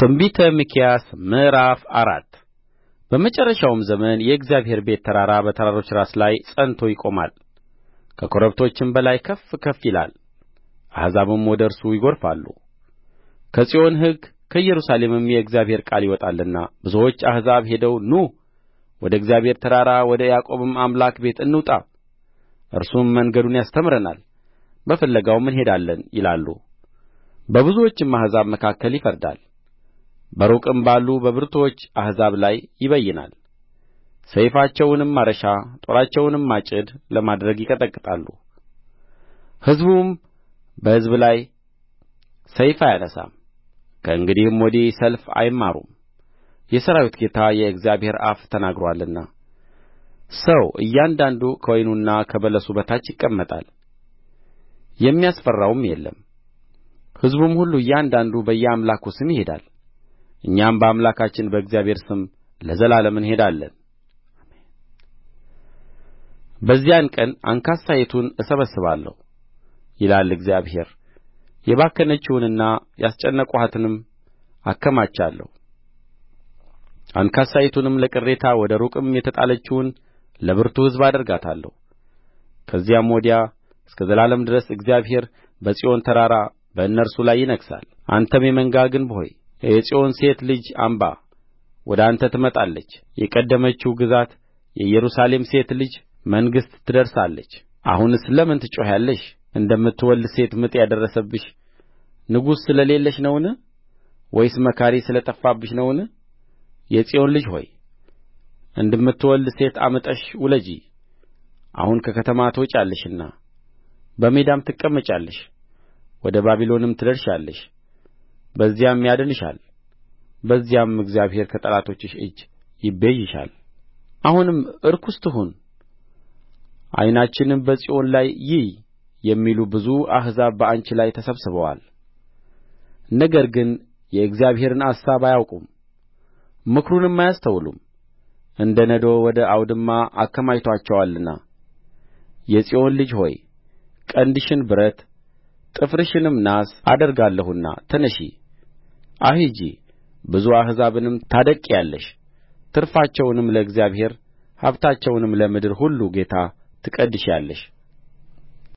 ትንቢተ ሚክያስ ምዕራፍ አራት በመጨረሻውም ዘመን የእግዚአብሔር ቤት ተራራ በተራሮች ራስ ላይ ጸንቶ ይቆማል ከኮረብቶችም በላይ ከፍ ከፍ ይላል አሕዛብም ወደ እርሱ ይጐርፋሉ ከጽዮን ሕግ ከኢየሩሳሌምም የእግዚአብሔር ቃል ይወጣልና ብዙዎች አሕዛብ ሄደው ኑ ወደ እግዚአብሔር ተራራ ወደ ያዕቆብም አምላክ ቤት እንውጣ እርሱም መንገዱን ያስተምረናል በፍለጋውም እንሄዳለን ይላሉ በብዙዎችም አሕዛብ መካከል ይፈርዳል በሩቅም ባሉ በብርቱዎች አሕዛብ ላይ ይበይናል ሰይፋቸውንም ማረሻ ጦራቸውንም ማጭድ ለማድረግ ይቀጠቅጣሉ ሕዝቡም በሕዝብ ላይ ሰይፍ አያነሣም ከእንግዲህም ወዲህ ሰልፍ አይማሩም የሠራዊት ጌታ የእግዚአብሔር አፍ ተናግሮአልና ሰው እያንዳንዱ ከወይኑና ከበለሱ በታች ይቀመጣል የሚያስፈራውም የለም ሕዝቡም ሁሉ እያንዳንዱ በየአምላኩ ስም ይሄዳል እኛም በአምላካችን በእግዚአብሔር ስም ለዘላለም እንሄዳለን በዚያን ቀን አንካሳይቱን እሰበስባለሁ ይላል እግዚአብሔር የባከነችውንና ያስጨነቅኋትንም አከማቻለሁ አንካሳይቱንም ለቅሬታ ወደ ሩቅም የተጣለችውን ለብርቱ ሕዝብ አደርጋታለሁ ከዚያም ወዲያ እስከ ዘላለም ድረስ እግዚአብሔር በጽዮን ተራራ በእነርሱ ላይ ይነግሣል አንተም የመንጋ ግንብ ሆይ የጽዮን ሴት ልጅ አምባ ወደ አንተ ትመጣለች የቀደመችው ግዛት የኢየሩሳሌም ሴት ልጅ መንግሥት ትደርሳለች አሁንስ ለምን ትጮኺአለሽ እንደምትወልድ ሴት ምጥ ያደረሰብሽ ንጉሥ ስለሌለሽ ነውን ወይስ መካሪ ስለ ጠፋብሽ ነውን የጽዮን ልጅ ሆይ እንደምትወልድ ሴት አምጠሽ ውለጂ አሁን ከከተማ ትወጫለሽና በሜዳም ትቀመጫለሽ ወደ ባቢሎንም ትደርሻለሽ በዚያም ያድንሻል በዚያም እግዚአብሔር ከጠላቶችሽ እጅ ይቤዥሻል አሁንም ርኩስ ትሁን ዓይናችንም በጽዮን ላይ ይይ የሚሉ ብዙ አሕዛብ በአንቺ ላይ ተሰብስበዋል ነገር ግን የእግዚአብሔርን አሳብ አያውቁም ምክሩንም አያስተውሉም እንደ ነዶ ወደ አውድማ አከማችቶአቸዋልና የጽዮን ልጅ ሆይ ቀንድሽን ብረት ጥፍርሽንም ናስ አደርጋለሁና ተነሺ አሂጂ ብዙ አሕዛብንም ታደቅቂአለሽ ትርፋቸውንም ለእግዚአብሔር ሀብታቸውንም ለምድር ሁሉ ጌታ ትቀድሻለሽ